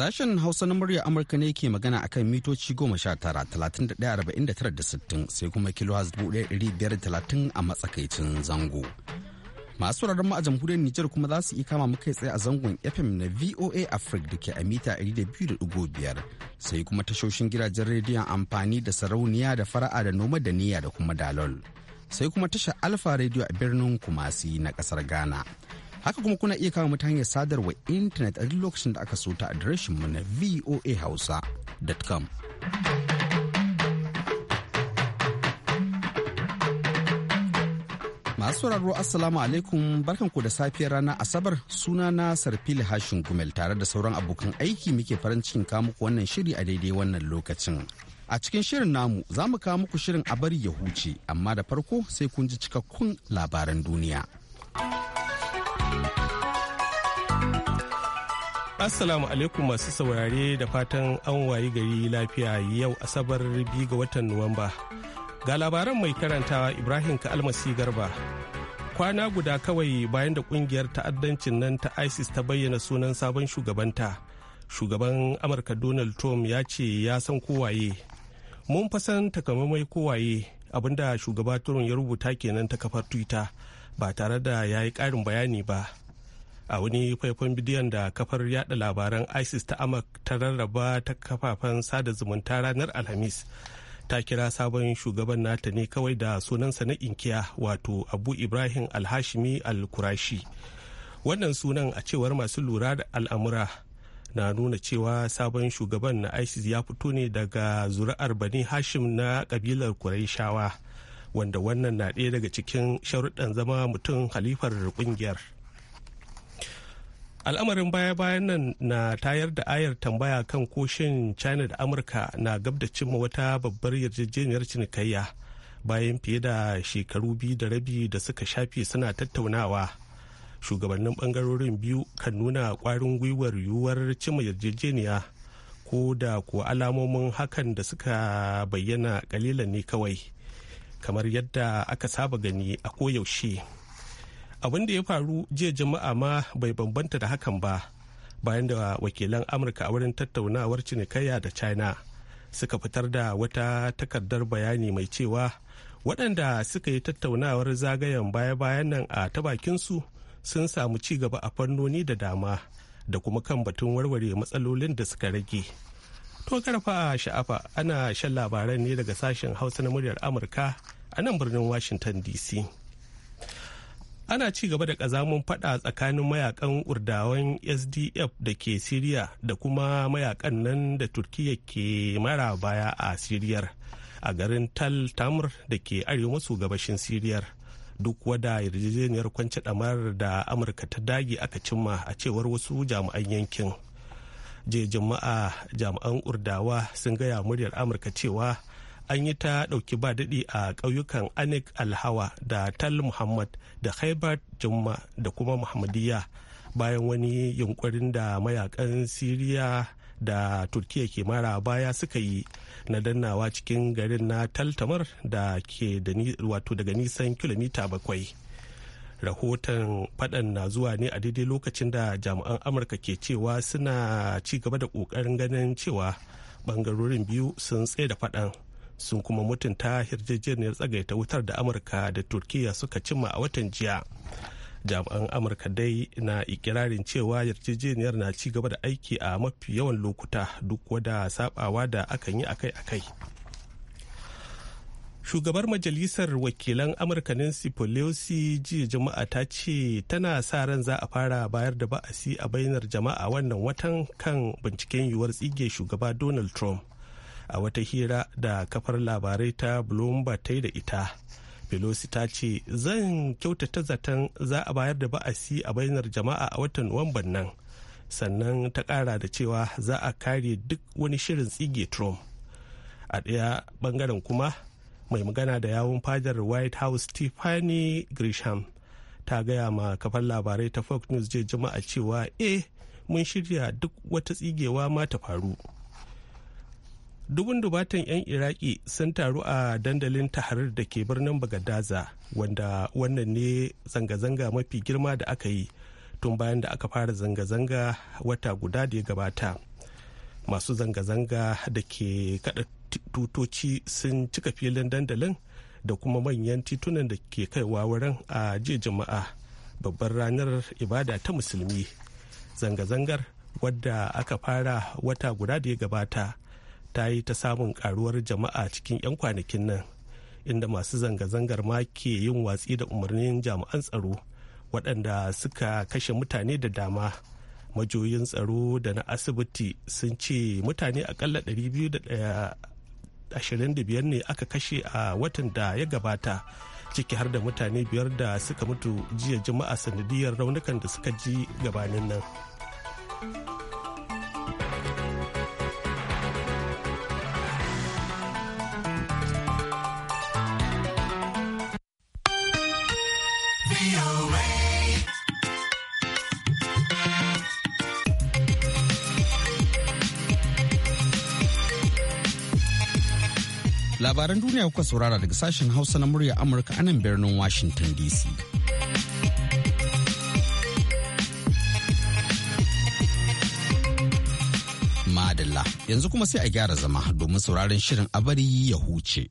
Sashen Hausa na murya Amurka ne ke magana akan mitoci goma sha tara talatin da ɗaya arba'in da tara da sittin sai kuma kilo dubu ɗaya ɗari biyar talatin a matsakaicin zango. Masu wuraren mu a jamhuriyar Nijar kuma za su iya kama mu tsaye a zangon FM na VOA Africa da ke a mita biyar sai kuma tashoshin gidajen rediyon amfani da sarauniya da fara'a da noma da niyya da kuma dalol. Sai kuma tasha Alfa Radio a birnin Kumasi na kasar Ghana. haka kuma kuna iya kama mu ta hanyar sadarwa intanet a duk lokacin da aka so ta adireshin mu na voahausa.com masu sauraro assalamu alaikum barkanku da safiyar rana asabar suna na sarfili hashin gumel tare da sauran abokan aiki muke farin cikin muku wannan shiri a daidai wannan lokacin a cikin shirin namu za mu kawo muku shirin a bari ya huce amma da farko sai kun ji cikakkun labaran duniya. Assalamu alaikum masu saurare da fatan an wayi gari lafiya yau Asabar biyu ga watan Nuwamba. Ga labaran mai karantawa Ibrahim Ka'almasi Garba. Kwana guda kawai bayan da kungiyar ta'addancin nan ta ISIS ta bayyana sunan sabon shugabanta. Shugaban Amurka Donald Trump ya ce ya san kowaye. Mun fasan takamaimai kowaye abinda shugaba Trump ya rubuta kenan ta kafar Twitter. ba tare da ya yi ƙarin bayani ba a wani faifan bidiyon da kafar yada labaran isis ta amak ta rarraba ta kafafen sada zumunta ranar alhamis ta kira sabon shugaban nata ne kawai da sunansa na inkiya wato abu ibrahim alhashimi alkurashi wannan sunan a cewar masu lura da al'amura na nuna cewa sabon shugaban na isis ya fito ne daga zuri'ar bani hashim na kabilar kuraishawa wanda wannan na ɗaya daga cikin sharuɗan zama mutum halifar ƙungiyar. al'amarin baya-bayan nan na tayar da ayar tambaya kan koshin china da amurka na gab da cimma wata babbar yarjejeniyar cinikayya bayan fiye da shekaru biyu da rabi da suka shafe suna tattaunawa shugabannin bangarorin biyu kan nuna kwarin gwiwar yiwuwar cimma yarjejeniya ko da kuwa alamomin hakan da suka bayyana kalilan ne kawai kamar yadda aka saba gani a koyaushe abin da ya faru jiya jama'a ma bai bambanta da hakan ba bayan da wakilan amurka a wurin tattaunawar cinikayya da china suka fitar da wata takardar bayani mai cewa waɗanda suka yi tattaunawar zagayen baya-bayan nan a ta su sun samu ci gaba a fannoni da dama da kuma kan batun warware matsalolin da suka rage To karfa sha'afa ana shan labaran ne daga sashen Hausa na muryar Amurka a nan birnin Washington DC. Ana ci gaba da ƙazamin fada tsakanin mayakan urdawan SDF da ke Siriya da kuma mayakan nan da Turkiyya ke mara baya a Siriyar a garin Tal Tamur da ke arewa maso gabashin Siriyar. Duk wada yarjejeniyar kwanci damar da Amurka ta dage aka cimma a cewar wasu jami'an yankin. je jama'a jami'an urdawa sun gaya muryar amurka cewa an yi ta dauki ba daɗi a ƙauyukan anik alhawa da tal muhammad da khaibar jumma da kuma muhammadiyya bayan wani yunkurin da mayakan siriya da turkiya ke mara baya suka yi na dannawa cikin garin na taltamar da ke wato daga nisan kilomita bakwai rahoton faɗan na zuwa ne a daidai lokacin da jami'an amurka ke cewa suna ci gaba da ƙoƙarin ganin cewa ɓangarorin biyu sun tsaye da faɗan sun kuma mutunta yarjejeniyar tsagaita wutar da amurka da turkiya suka cimma a watan jiya jami'an amurka dai na ikirarin cewa yarjejeniyar na cigaba da aiki a mafi yawan lokuta duk wada sabawa da akan yi akai-akai. shugabar majalisar wakilan amurka nancy pelosi jiya juma'a ta ce tana sa ran za a fara bayar da ba'asi a bainar jama'a wannan watan kan binciken yiwuwar tsige shugaba donald trump a wata hira da kafar labarai ta bloomberg ta da ita pelosi ta ce zan kyautata zaton za a bayar da ba'asi a bainar jama'a a watan nuwamban nan sannan ta kara da cewa za a kare duk wani shirin tsige trump a ɗaya ɓangaren kuma mai magana da yawun fadar white house tiffany grisham ta gaya ma kafar labarai ta fox news jiya juma'a cewa eh mun shirya duk wata tsigewa ma ta faru dubun dubatan 'yan iraki sun taru a dandalin taharar da ke birnin bagadaza wanda wannan ne zanga-zanga mafi girma da aka yi tun bayan da aka fara zanga-zanga wata guda da ya gabata masu zanga-zanga da ke kada tutoci sun cika filin dandalin da kuma manyan titunan da ke kaiwa wurin a jiya jama'a babbar ranar ibada ta musulmi zanga-zangar wadda aka fara wata guda da ya gabata ta yi ta samun karuwar jama'a cikin 'yan kwanakin nan inda masu zanga-zangar ma ke yin watsi da umarnin jami'an tsaro waɗanda suka kashe mutane da dama majoyin tsaro da na asibiti sun ce mutane akalla 25 ne aka kashe a watan da ya gabata ciki har da mutane biyar da suka mutu jiya juma'a sanadiyar raunukan da suka ji gabanin nan. labaran duniya kuka saurara daga sashen hausa na murya amurka anan birnin washington dc madalla yanzu kuma sai a gyara zama domin sauraron shirin abari ya huce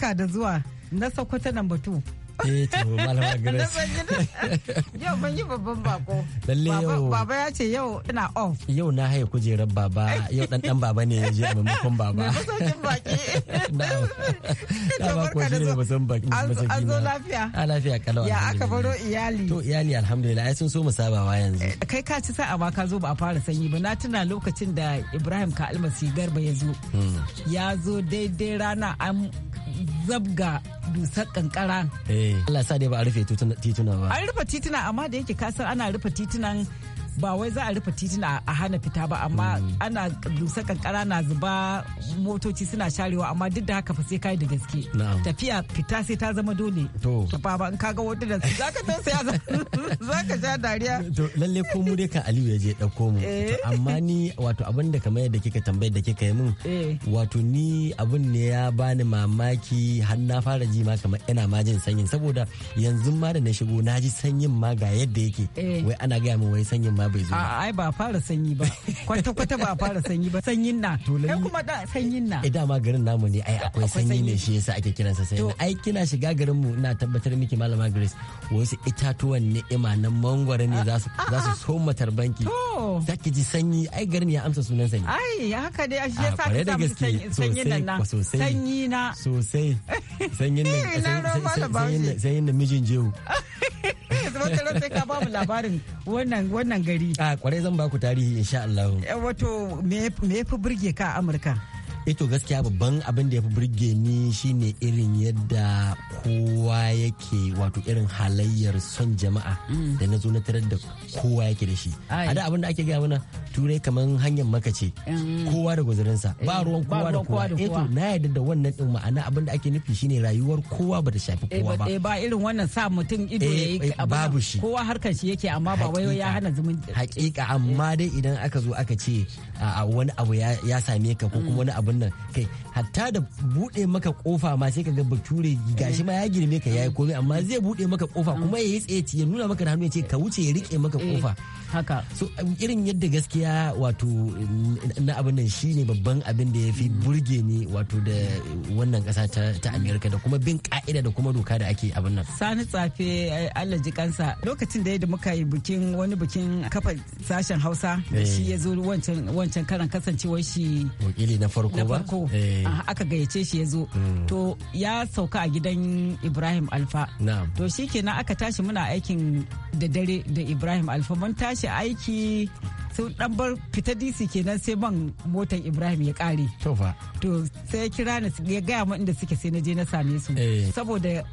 barka da zuwa na Sokoto nan eh batu. Yau ban yi babban bako. Lalle yau. Baba ya ce yau ina off. Yau na haye kujerar baba yau ɗanɗan baba ne ya je maimakon baba. Masaukin baki. Da ba ko shi ne baki. An zo lafiya. A ah, lafiya Ya aka baro iyali. To iyali alhamdulillah ai sun so mu sabawa yanzu. Eh, kai ka ci sa'a ma ka zo ba a fara sanyi ba na tuna lokacin da Ibrahim Ka Almasi Garba ya zo. Hmm. Ya zo daidai rana an zabga dusar kankara. Eh. Allah sa dai ba a rufe tituna ba. An rufe tituna amma da yake kasar ana rufe titunan ba wai za a rufe titina a hana fita ba amma mm. ana dusa kankara na zuba motoci suna sharewa amma duk da haka fa sai kai da gaske tafiya fita sai ta zama dole to baba in kaga wanda da za ka dan sai za ka sha dariya to lalle ko mu dai kan Aliyu ya je dauko mu eh. amma ni wato abin da kamar yadda kika tambayar da kika yi mun eh. wato ni abin ne ya bani mamaki har na fara ji ma kamar ina ma jin sanyin saboda yanzu ma da na shigo na ji sanyin ma ga yadda yake eh. wai ana gaya min wai sanyin ma bai zo ba ai ba fara sanyi ba kwata kwata ba fara sanyi ba sanyin na kai kuma da sanyin na eh dama garin namu ne ai akwai sanyi ne shi yasa ake kiransa sanyi ai kina shiga garin mu ina tabbatar miki malama Grace wasu itatuwan ni'ima na mangwaro ne za su za su soma tarbanki zaki ji sanyi ai garin ya amsa sunan sanyi ai haka dai shi ah, yasa ka samu sanyin nan sanyi na sosai sanyin nan sanyin nan mijin jehu wata sai ka bamu labarin wannan wannan gari a kwarai zan baku tarihi insha Allah eh, wato me yafi burge ka a Amurka ito eh gaskiya babban abin da ya fi burge ni shine irin yadda kowa yake wato irin halayyar son jama'a mm. da na zo na tarar da kowa yake da shi a da abin da ake gaya mana turai kamar hanyar maka ce mm. kowa da gwazirinsa ba eh, ruwan kowa da eh kowa eto na yadda da wannan din ma'ana abin da ake nufi shine rayuwar kowa ba ta shafi kowa ba ba irin wannan sa mutum ido ya yi babu shi kowa harkar shi yake amma ba wai ya hana zumunci hakika amma dai idan aka zo aka ce a wani abu ya same ka ko kuma mm. wani abu abin nan kai hatta da bude maka kofa ma sai ka ga bature gashi ma ya girme ka yayi komai amma zai bude maka kofa kuma ya yi tsaye ya nuna maka da hannu ya ce ka wuce ya rike maka kofa eh, haka so irin yadda gaskiya wato mm, na abin nan shine babban abin da ya fi mm. burge ni wato da wannan kasa ta amerika da kuma bin ka'ida da kuma doka da ake abin nan sani tsafe eh, allah ji kansa lokacin da da muka yi bikin wani bikin kafa sashen hausa shi eh. ya zo wancan karan kasancewar shi wakili na farko na farko eh. aka gayyace shi ya zo mm. to ya sauka a gidan ibrahim alfa to shi kenan aka tashi muna aikin da dare da ibrahim alfa mun tashi aiki sun dan bar fita dc kenan sai ban motan ibrahim ya kare to sai ya kira ya gaya min inda suke sai na je na same su eh. saboda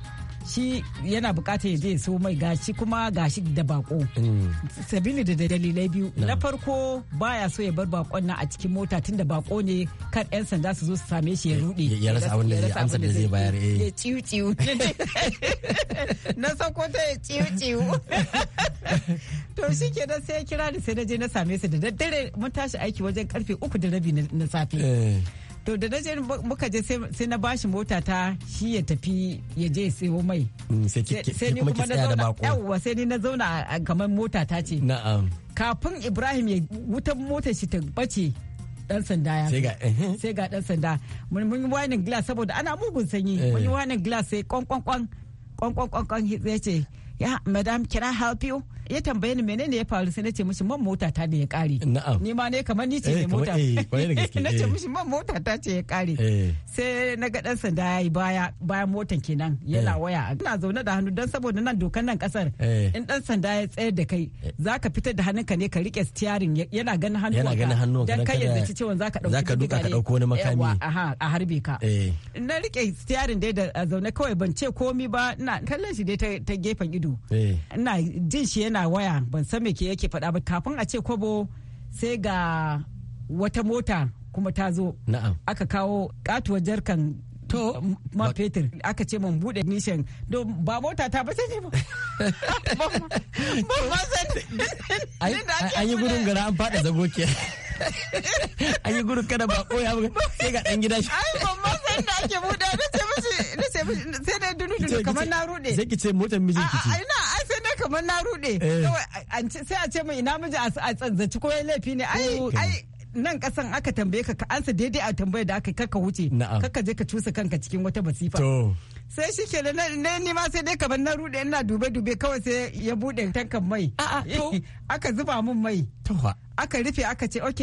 shi yana bukatar ya je so mai gashi kuma gashi da bako mm. sabini da dalilai biyu na farko baya so ya bar bakon nan a cikin mota tunda bako ne kan yan sanda su zo su same shi ya rude ya rasa abin da zai amsa da zai bayar eh ya ciu ciu na ta ya ciu ciu to da sai ya kira ni sai na je na same su da daddare mun tashi aiki wajen karfe uku da rabi na safe eh. to da na je muka je sai na bashi mota ta shi ya tafi ya je sayo mai mm, sai ni kuma na zauna yawwa sai ni na zauna kamar mota ta ce na'am kafin Ibrahim ya wutan motar shi ta bace dan sanda ya sai ga dan sanda mun yi wani glass saboda ana mugun sanyi eh. mun yi wani glass sai kwan kwan kwan kwan kwan kwan ya ce ya madam can I help you ya tambaye ni menene ya faru sai nace mishi man mota ta ne ya kare ni ma ne kamar ni ce ne eh, mota eh, nace eh. mishi man mota ta ce ya kare sai na ga dan sanda yayi yi baya bayan motan kenan yana waya ina zaune da hannu dan saboda nan dokan nan kasar in dan sanda ya tsayar da kai zaka fitar da hannunka ne ka rike steering yana ganin hannu yana ganin hannu dan kai yanzu ci cewa zaka dauki zaka duka ka dauko wani makami aha a harbe ka na rike steering dai da zaune kawai ban ce komi ba ina kallon shi dai ta gefen ido ina jin shi yana na waya ban san me ke yake faɗa ba kafin a ce kwabo sai ga wata mota kuma ta zo aka kawo katuwar jarkan to ma fetur aka ce man bude nishan. don ba mota ta ba sai ba ba ma san an yi gudun gara an fada zago ke an yi gudun kada ba koya ba sai ga dan gida shi ai ba ma san da ake bude na ce mishi na ce mishi sai da dunu dunu kamar na rude sai ki ce motar mijin ki ce ina ai sai na kamar na rude eh. sai a ce min ina miji a tsanzaci ko laifi ne ai eh, ai nan kasan aka tambaye ka ka ansa daidai a tambaye da aka kaka wuce kaka je ka cusa kanka cikin wata basifa sai shi ke na ni ma sai dai kaban na rude ina dube dube kawai sai ya bude tankan mai aka zuba min mai aka rufe aka ce OK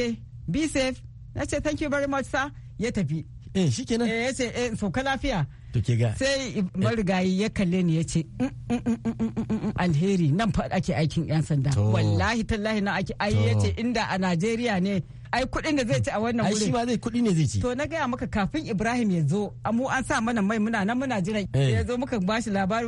be safe na ce thank you very much sa ya tafi eh shikenan eh ya ce eh sauka lafiya to ke ga sai marigayi ya kalle ni ya ce mm, mm, mm, alheri nan fa ake aikin yan sanda wallahi tallahi nan ake ai ya ce inda a najeriya ne ai kuɗin da zai ci a wannan wurin. Ai shi ma zai kuɗi ne zai ci. To na gaya maka kafin Ibrahim ya zo amu an sa mana mai muna nan muna jiran eh. ya zo muka ba shi labari.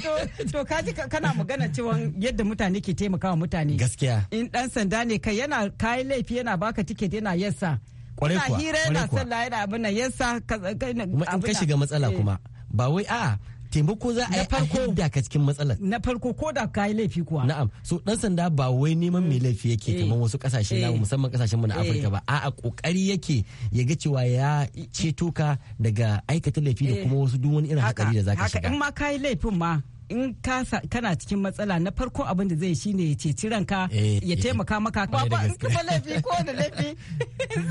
To kaji kana magana cewa yadda mutane ke taimakawa mutane. Gaskiya. In dan sanda ne kai yana kai laifi yana baka tiket yana yasa. kwarai kuwa hira yana sallah yana abin nan yasa kuma in ka shiga matsala eh. kuma ba wai a'a taimako za a yi a da ka cikin matsalar na farko ko da ka yi laifi kuwa na'am so dan sanda ba wai neman mai laifi yake eh. kamar wasu kasashe na eh. musamman kasashen mu na Afirka ba a'a kokari yake ya ga cewa ya ceto ka daga aikata laifi da kuma wasu duk wani irin hakari da zaka shiga haka in ma ka yi laifin ma in kasa kana cikin matsala na farko abin da zai shine ya ceci ranka eh, ya taimaka maka eh, ba ba in kuma laifi ko da laifi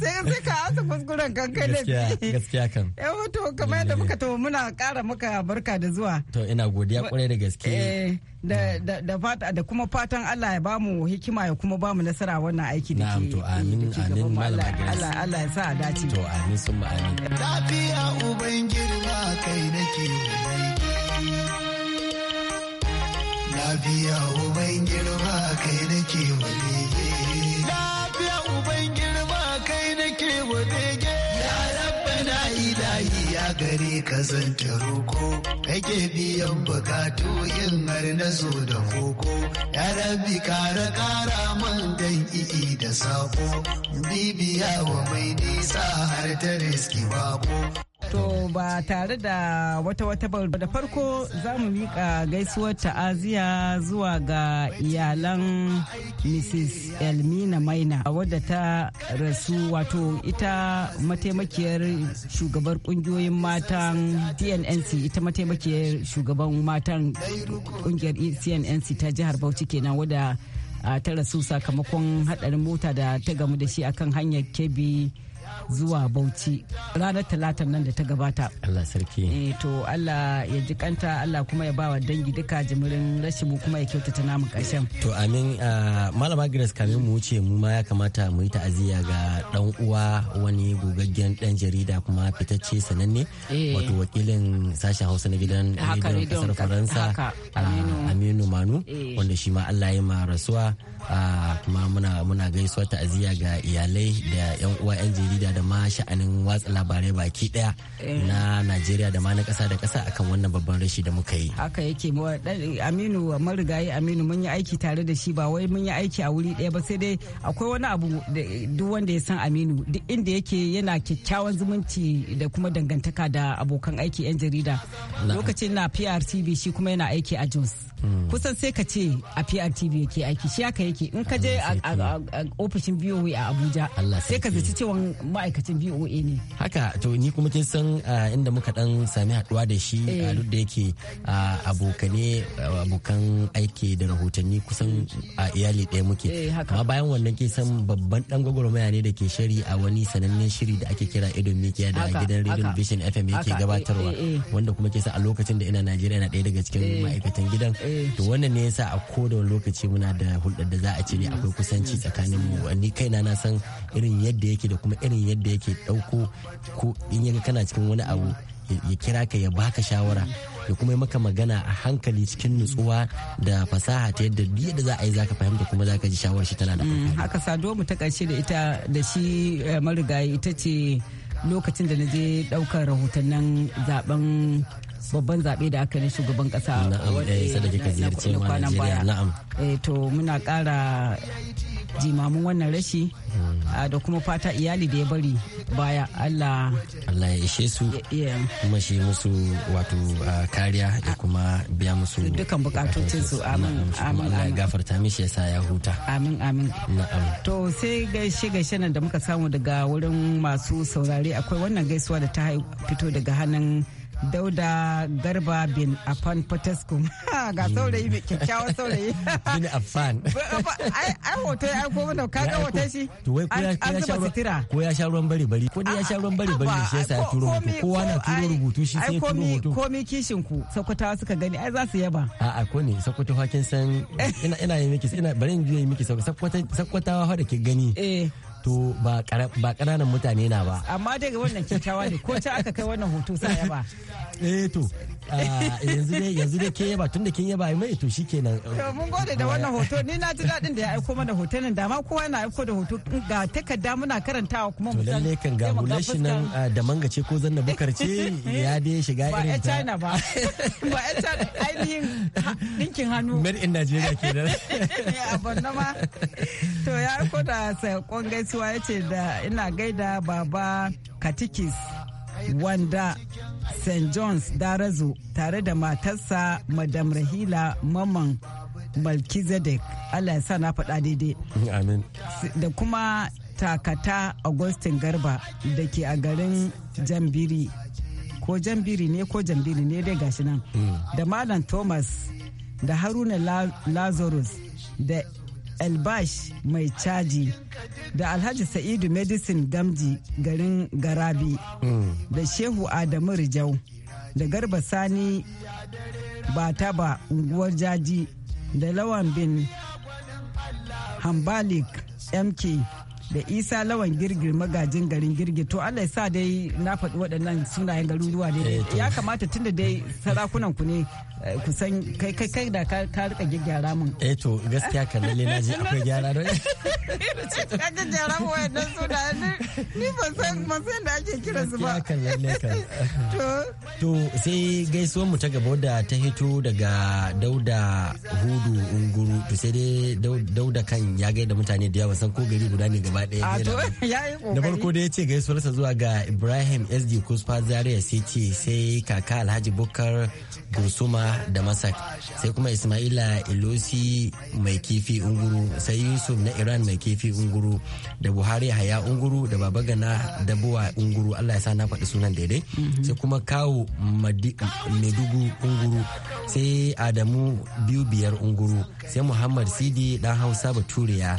sai sai ka asa kuskuren kan kai laifi gaskiya kan eh wato kamar yadda muka to muna kara maka barka da zuwa to ina godiya kwarai da gaske eh, da da da fata da kuma fatan Allah ya bamu hikima ya kuma bamu nasara wannan aiki da ke to amin amin malama Allah Allah ya sa a dace to amin sun amin lafiya uban girma kai nake lafiya uban girma kai nake ge. lafiya uban girma kai nake wadege ya rabbana ilahi ya gare ka zanta roko kake biyan bukatu yin har na zo da koko ya rabbi kara kara man dan i'i da sako bibiya wa mai nisa har ta riski bako To ba tare da wata wata ba da farko za mu miƙa gaisuwar ta'aziya zuwa ga iyalan Mrs. Elmina Maina wadda ta rasu wato ita mataimakiyar shugabar kungiyoyin matan CNNC ita mataimakiyar shugaban matan kungiyar CNNC ta jihar Bauchi kenan wadda ta rasu sakamakon hadarin mota da ta gamu da shi akan hanyar kebi zuwa Bauchi ranar talatan nan da ta gabata. Allah sarki. Eh to Allah ya ji kanta Allah kuma ya ba wa dangi duka jimirin rashin mu kuma ya kyautata namu ƙarshen. To amin malama Grace kamin mu wuce mu ma ya kamata mu yi ta'aziyya ga dan uwa wani gogaggen dan jarida kuma fitacce sananne eh. wato wakilin sashen Hausa na gidan rediyon kasar Faransa Aminu Manu eh. wanda shi ma Allah ya ma rasuwa. kuma muna muna gaisuwa ta'aziyya ga iyalai da yan uwa yan jarida da ma sha'anin watsa labarai baki daya eh. na Najeriya da ma na kasa da kasa akan wannan babban rashi da muka yi haka yake Aminu marigayi Aminu mun yi aiki tare da shi ba wai mun yi aiki a wuri daya ba sai dai akwai wani abu duk wanda ya san Aminu duk inda yake yana kyakkyawan zumunci da kuma dangantaka da abokan aiki yan jarida lokacin na PRTV shi kuma yana aiki a jos kusan sai ka ce a PRTV yake aiki shi haka yake in ka je a ofishin BOA a Abuja sai ka zaci cewa ma'aikacin BOA ne haka to ni kuma kin san ah, inda muka dan sami haduwa da shi eh. ah, duk da yake ah, abokane abokan aiki da rahotanni kusan a iyali ɗaya muke eh, amma bayan wannan kin san babban dan gwagwarmaya ne da ke shari a wani sanannen shiri da ake kira idon mikiya da gidan radio vision fm yake eh, gabatarwa wanda kuma ke sa a lokacin da ina najeriya na ɗaya daga cikin ma'aikatan gidan to wannan ne yasa a koda wani lokaci muna da hulɗar da za a ce ne akwai kusanci tsakanin mu ni kaina na san irin yadda yake da kuma irin yadda yake ɗauko ko in yaga kana cikin wani abu ya kira ka ya baka shawara ya kuma yi maka magana a hankali cikin nutsuwa da fasaha ta yadda duk yadda za a yi za ka fahimta kuma zaka ji shawarar shi tana da mm, haka saduwa mu ta karshe da ita da shi eh, marigayi ita ce lokacin da na je ɗaukar rahotannin zaben babban zaɓe da aka yi shugaban ƙasa a eh, wani na kwanan baya. Eh, to muna ƙara jimamin wannan rashi hmm. da kuma fata iyali da ya bari baya Allah Allah ya ishe su kuma shi musu wato kariya da kuma biya musu dukkan bukatocin su amin amin Allah ya gafarta mishi yasa ya huta amin amin na'am to sai gaishe gaishe nan da muka samu daga wurin masu saurare akwai wannan gaisuwa da ta fito daga hannun dauda garba bin afan potescum ga saurayi kyakkyawan saurayi bin afan ai hoto ya aiko mana ka ga hoto shi an zuba sitira ko ya sha ruwan bari bari ko ya sha ruwan bari bari shi yasa ya turo hoto kowa na turo rubutu shi sai turo hoto komi kishin ku sokotawa suka gani ai za su yaba a'a ko ne sokotawa kin san ina ina yi miki ina bari in yi miki sokotawa fa da ke gani eh. to ba ƙananan mutane na ba amma daga wannan kyakkyawa ne ko ta aka kai wannan hoto sa yaba eh to yanzu dai yanzu dai ke yaba tunda kin yaba mai to shikenan to mun gode da wannan hoto ni na ji daɗin da ya aiko mana hoton nan da ma kowa na aiko da hoto ga takarda muna karantawa kuma mu san lalle kan ga hulashi nan da mangace ko zanna bukar ce ya dai shiga irin ta ba China ba ba China ainihin dinkin hannu made in Nigeria kenan a Borno ma to ya aiko da sakon gaisuwa gaisuwa ya ce da ina gaida baba katikis wanda st john's darazo tare da matarsa madam rahila maman malkizadek allah ya sa na faɗa daidai da kuma takata augustin garba da ke a garin jambiri ko jambiri ne ko jambiri ne dai gashi nan mm. da malam thomas da haruna lazarus da elbash mai caji da alhaji sa'idu medicine gamji garin garabi da shehu adamu rijau da garba sani bataba unguwar jaji da lawan bin hambalik mk da isa lawan girgir magajin garin girgir to allah sa dai na faɗi waɗannan sunayen garuruwa dai eh, ya kamata tunda dai sarakunan eh, ku ne kusan kai kai kai da ka rika gyara mun eh to gaskiya ka lalle na ji akwai gyara don ka ga gyara mu wayannan sunayen ni ban san san da ake kira su ba kan lalle to to sai gaisuwar mu ta gaba da ta hito daga dauda hudu unguru to sai dai dauda kan ya gaida mutane da yawa san ko gari guda ne gaba gaba da farko da ya ce gaisuwarsa zuwa ga ibrahim sd kusfa zaria sai ce sai kaka alhaji bukar gursuma da masak sai kuma ismaila ilosi mai kifi unguru sai yusuf na iran mai kifi unguru da buhari haya unguru da babagana dabuwa unguru allah ya sa na faɗi sunan daidai mhm. sai kuma kawo madugu unguru sai adamu biyu biyar unguru sai muhammad sidi dan hausa baturiya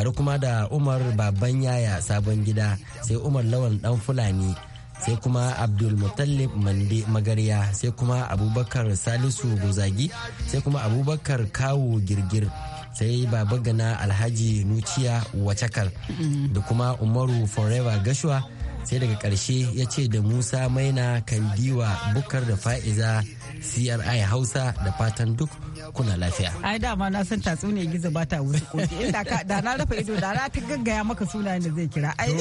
tare kuma da umar baban yaya sabon gida sai umar lawan dan fulani sai kuma abdul mutallib mande magarya sai kuma abubakar salisu guzagi sai kuma abubakar kawo girgir sai baba gana alhaji nuciya wacakal mm-hmm. da kuma umaru forever gashuwa sai daga ƙarshe ya ce da musa maina kan diwa bukar da fa'iza CRI Hausa da fatan duk kuna lafiya. Ai dama na san tatsuniyar gizo ba ta wuce koki inda ka da na rafa ido da na ta gaggaya maka sunayen da zai kira. Ai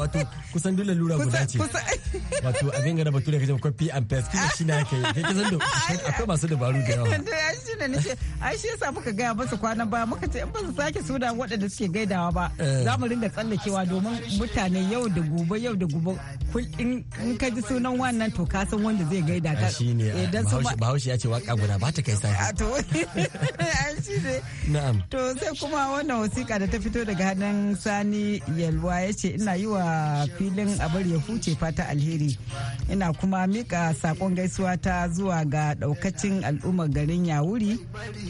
wato kusan dole lura guda ce. Wato abin gana bature kaje copy and paste kuma shi na kai. Kai kisan da akwai masu dabaru da yawa. Ai shi ne nace ai shi yasa muka gaya masa kwanan baya muka ce in ba su sake suna waɗanda suke gaidawa ba eh. za mu ringa tsallakewa domin mutane yau da gobe yau yau da gobe in ka ji sunan wannan to ka san wanda zai gaida ka shine eh, bahaushe ya ce waka guda ba ta kai sai ah, to na'am to sai kuma wannan wasiƙa da ta fito daga hannun Sani Yalwa ya ce ina yi wa filin abar ya huce fata alheri ina kuma mika sakon gaisuwa ta zuwa ga daukacin al'ummar garin Yawuri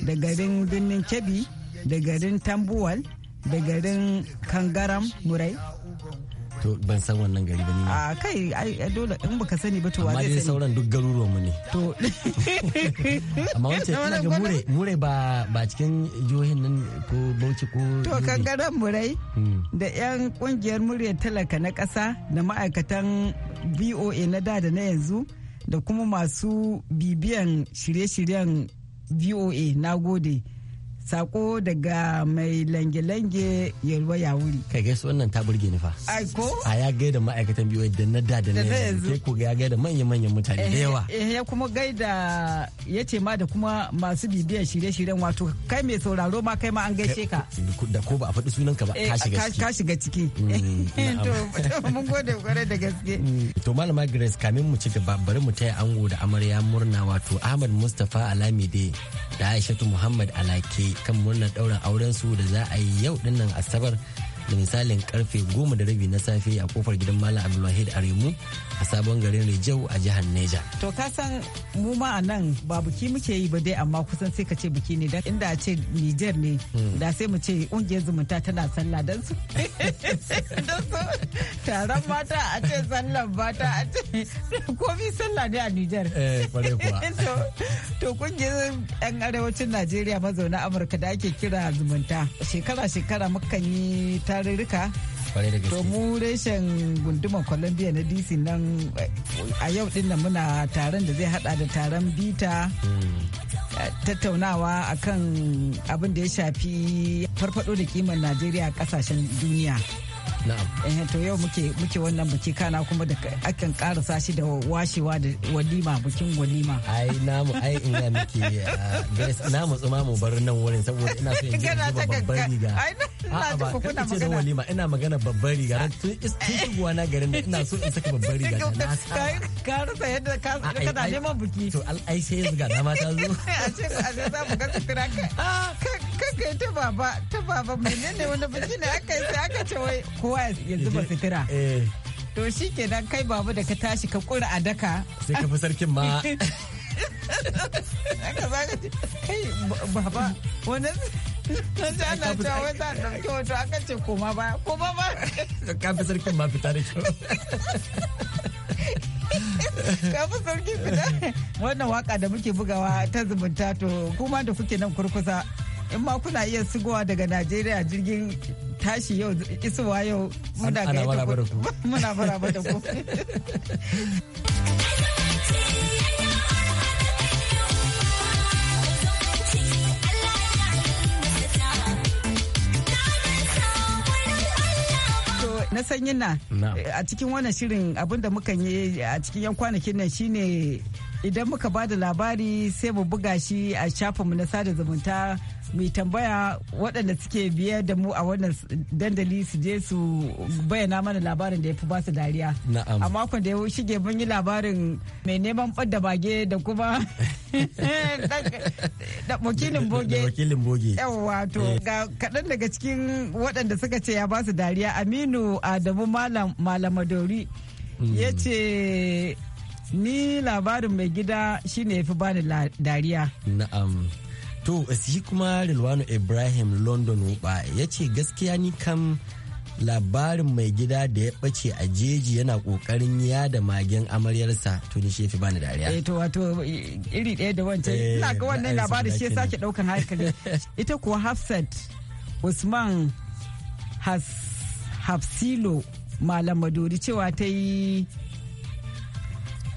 da garin Birnin kebi da garin Tambuwal da garin Kangaram Murai to ban san wannan gari ba ni a kai dole in baka sani ba to wa zai sani amma sauran duk garuruwan mu ne to amma wace ina ga mure mure ba ba cikin jihohin nan ko Bauchi ko to kangaren murai hmm. da yan kungiyar mure talaka na kasa da ma'aikatan VOA na da da na yanzu da kuma masu bibiyan shirye-shiryen VOA na gode. sako daga mai lange-lange yalwa ya wuri. Kai gaisu wannan ta burge ni fa. Ai ko? A ya gaida ma'aikatan biyu da na da da na yanzu. Kai ko ya gaida manya-manyan mutane da eh, yawa. Eh ya kuma gaida ya ce ma da kuma masu bibiyan shirye-shiryen wato kai mai sauraro ma kai ma an gaishe ka. Da ko ba a faɗi sunan ka ba eh, ka shiga ciki. Ka shiga ciki. Mm, to mun gode kware da gaske. Mm. To malama Grace kamin mu ci gaba bari mu taya ango da amarya murna wato Ahmad Mustapha Alamide da Aishatu Muhammad Alake kan murnar ɗaurin auren su da za a yi yau dinnan asabar da misalin karfe goma da rabi na safe a kofar gidan Malam Abdulwahid Aremu a sabon garin Rijau a jihar Neja. To ka san mu ma a nan ba biki muke yi ba dai amma kusan sai ka ce biki ne inda a ce Niger ne hmm. da sai mu ce ƙungiyar zumunta tana sallah dan su taron mata a ce sallan mata a ce ko bi sallah ne a Niger. Eh, to kungiyar yan arewacin Najeriya mazauna Amurka da ake kira zumunta shekara shekara mukan yi ta tarurruka to mu reshen gundumar columbia na dc nan a yau din nan muna taron da zai hada da taron bita hmm. tattaunawa akan abin da ya shafi farfado da kimar najeriya a kasashen duniya na'am eh, to yau muke muke wannan biki kana kuma da akan karasa shi da washewa da walima bikin walima ai namu ai in ga muke eh, guys namu tsuma mu bar nan wurin saboda ina so in ji babbar riga ai na ba kuna magana walima ina magana babbar riga tun tun eh. na garin da ina so in saka babbar riga na sa ka yadda ka kana neman biki to ai sai zuga na mata zo a ce a za mu ga tsira ka ah! kai ta baba ta baba menene wani biki ne aka yi sai aka ce wai kowa ya zuba fitira eh, eh. to shi kenan kai baba da ka tashi ka kura a daka sai ka fi sarkin ma aka zaka kai baba wani Nan ana cewa wai za a ɗauki wato aka ce koma ba koma ba. Ka fi sarkin ma fita da kyau. kafin sarki fita wannan waka da muke bugawa ta zumunta to kuma da kuke nan kurkusa in ma kuna iya sigowa daga najeriya jirgin tashi yau isowa yau muna muna da ku na sanyin na a cikin wannan shirin abin da muka yi a cikin yan kwanakin nan shine idan muka ba da labari sai mu buga shi a shafinmu na sada zumunta mu tambaya waɗanda suke biyar da mu a wannan dandali su je su bayyana mana labarin da ya fi basu dariya. A makon da ya shige mun yi labarin mai neman ɓadda bage da kuma da wakilin boge. Wakilin boge. Yawwa to eh. ga kaɗan daga cikin waɗanda suka ce ya basu dariya Aminu Adamu Malam Dori. Hmm. ya ce ni labarin mai gida shine ya fi bani dariya. Na'am. to shi kuma rilwano ibrahim london wuba ya ce gaskiya ni kam labarin mai gida da ya ɓace a jeji yana kokarin ya da magen amaryarsa to ni shefi bani dariya. Eh to wato iri ɗaya da wancan eh, ina ga wannan labarin shi ya sake ɗaukan hankali ita kuwa Hafsat Usman Has Hafsilo Malam Maduri cewa ta yi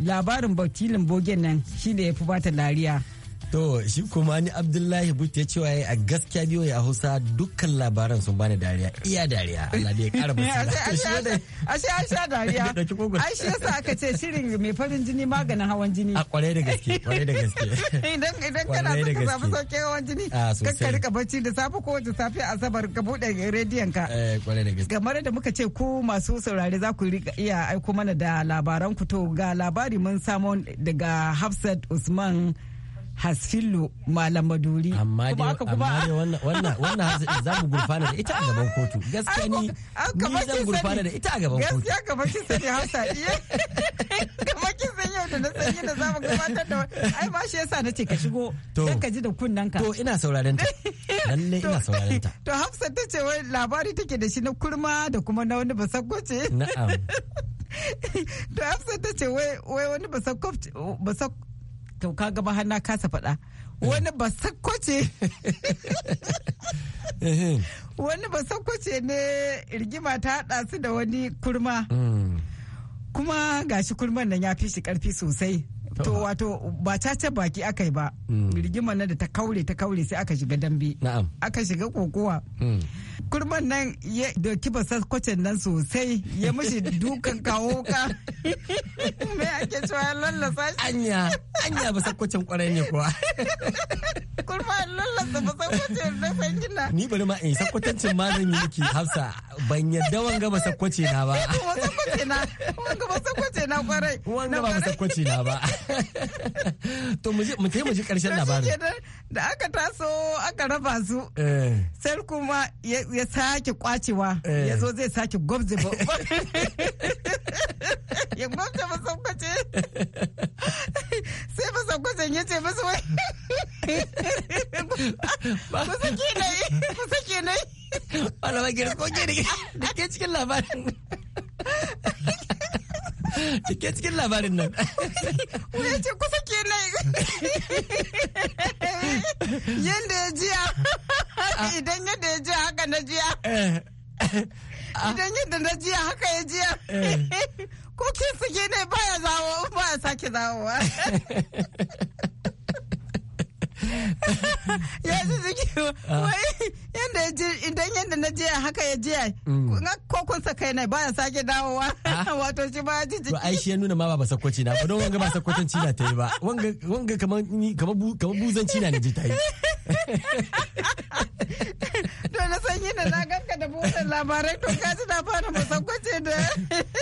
labarin bakilin bogen nan shi ne ya fi bata lariya. To shi kuma ni Abdullahi Butte cewa a gaskiya biyo ya Hausa dukkan labaran sun bani dariya iya dariya Allah da ya kara basira. Ashe an sha dariya. Ai shi yasa aka ce shirin mai farin jini maganin hawan jini. A kwarai da gaske kwarai da gaske. Idan idan kana so ka samu sauƙin hawan jini kakka rika bacci da safe ko da safe asabar ka bude rediyon ka. Eh kwarai da gaske. kamar da muka ce ku masu saurare za ku rika iya aiko mana da labaran ku to ga labari mun samu daga Hafsat Usman. hasfillo malam maduri amma dai wannan wannan za mu gurfana da ita a gaban kotu gaskiya ni ni zan gurfana da ita a gaban kotu gaskiya ka bakin sani hausa iya ka kin san yau da na san da za mu gabatar da ai ma shi yasa nace ka shigo dan ka ji da kunnen ka to ina sauraron ta lalle ina sauraron ta to hafsa ta ce wai labari take da shi na kurma da kuma na wani ce. na'am to hafsa ta ce wai wani basakwace to ka gaba hana kasa faɗa wani ba sakwace wani ba sakwace ne rigima ta haɗa su da wani kurma mm. kuma gashi kurman nan ya fi shi karfi sosai to wato ba caca baki aka yi ba mm. rigima nan da ta kaure ta kaure sai aka shiga dambe aka shiga kokowa mm. kurman nan ya doki ba kwacin nan sosai ya mishi dukan kawo ka me ake cewa lallasa shi anya anya ba sakwacin kwarai ne kuwa kurma lallasa ba sakwacin na san kina ni bari ma in sakwatancin ma zan yi miki hafsa ban yadda wanga ba sakwace na ba wanga ba sakwace na kwarai wanga ba sakwace na ba to mu je mu je ji karshen labarin da aka taso aka raba su eh. sai kuma ya sake kwacewa eh. ya zo zai sake gwabze ba ya gwabze ba sakwace sai masa kwazon ya ce masa wai ba su ke na yi ba su ke na yi ba gira ko ke da ke cikin labarin da ke cikin labarin nan ya ce ku ke na yi yadda ya jiya ah. idan yadda ya jiya haka na jiya eh. Idan yadda na jiya haka ya jiya. Ko kin ne baya zawo baya sake zawowa. Ya ji jiki da ya ji idan yadda na jiya haka ya jiya mm. ko kun sa kai na ya sake dawowa ah. wato shi ba ji jiki ai shi ya nuna ma ba sakwaci na ba don wanga ba sakwacin cina ta yi ba wanga wanga kamar kamar buzan cina ne ji ta yi to na san yi na ganka da buzan labarai to ka ji na fara musakwace da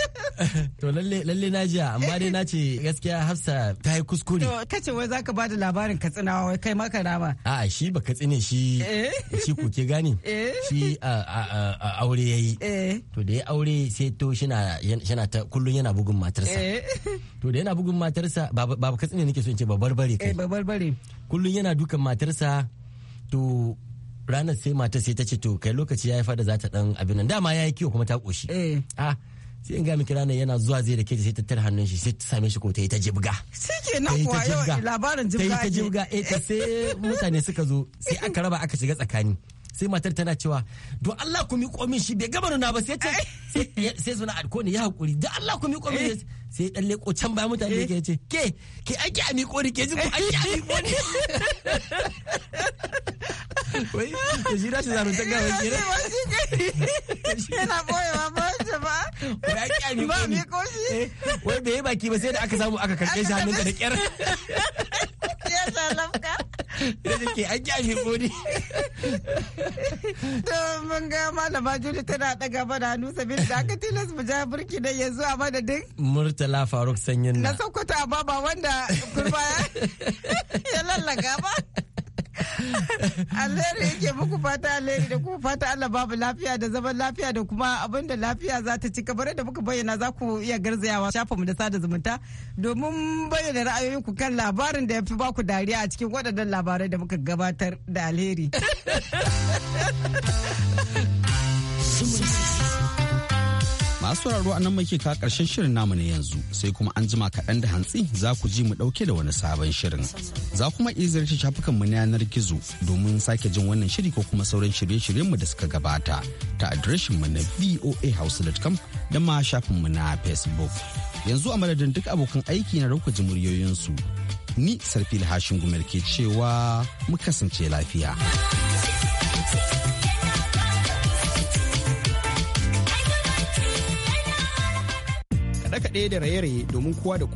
to lalle lalle na jiya amma dai na ce gaskiya Hafsa ta yi kuskure to kace wai zaka ba da labarin Katsinawa wai kai maka rama a'a shi ba Katsine shi eh? shi ku ke gane ne eh. shi aure ya yi eh. to da ya aure sai to shina ta kullum yana bugun matarsa eh. to da yana bugun matarsa ba katsina nake so in ce babbar bare kai babbar bare kullum yana dukan matarsa to ranar sai matar sai ta ce to kai lokaci ya yi fada za ta dan abin nan dama ya yi kiwo kuma ta koshi a ah, sai in ga miki ranar yana zuwa zai da ke sai tar hannun shi sai ta same shi ko ta yi ta jibga shikenan kuwa yau labarin jibga ta yi ta jibga eh sai mutane suka zo sai aka raba aka shiga tsakani sai matar tana cewa do Allah ku miƙo min shi bai gama nuna ba sai ce sai suna alko ne ya hakuri don Allah ku miƙo min sai dan leko can bayan mutane ke ce ke ke ake a miƙo kori ke ji ku ake a miƙo kori. wai da shi ke ne yana boyewa ba ta ba wai ake a miƙo eh, wai bai yi baki ba sai da aka samu aka karɓe hannunka da ƙyar ya da ke an kyashe bodi to mun ga malama juli tana ɗaga mana hannu sabin da aka tilas mu ja burki da yanzu a madadin murtala faruk sanyin na sokoto a baba wanda kurba ya lallaka ba alheri yake muku fata alheri da kuma fata Allah babu lafiya da zaman lafiya da kuma abin da lafiya za ta ci kamar da muka bayyana za ku iya garzayawa shafa mu da sada zumunta domin bayyana ra'ayoyin ku kan labarin da ya fi baku dariya a cikin waɗannan labarai da muka gabatar da alheri. sauraro a nan muke ka karshen shirin namu ne yanzu sai kuma an jima kaɗan da hantsi za ku ji mu ɗauke da wani sabon shirin za kuma iya ziyarci shafukanmu na yanar gizo domin sake jin wannan shiri ko kuma sauran shirye-shiryenmu da suka gabata ta mu na voahouse.com da ma shafinmu na facebook yanzu a madadin duk abokan aiki na rauka muryoyinsu ni sarfil hashin gumel ke cewa mu kasance lafiya. kaɗe-kaɗe da raye-raye domin kowa da kowa